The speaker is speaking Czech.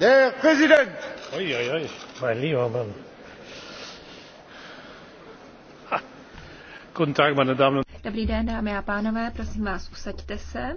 Der Präsident! Ui, ui, ui, mein lieber Mann. Guten Tag, meine Damen und Herren. Dobrý den, dámy a pánové, prosím vás, usaďte se.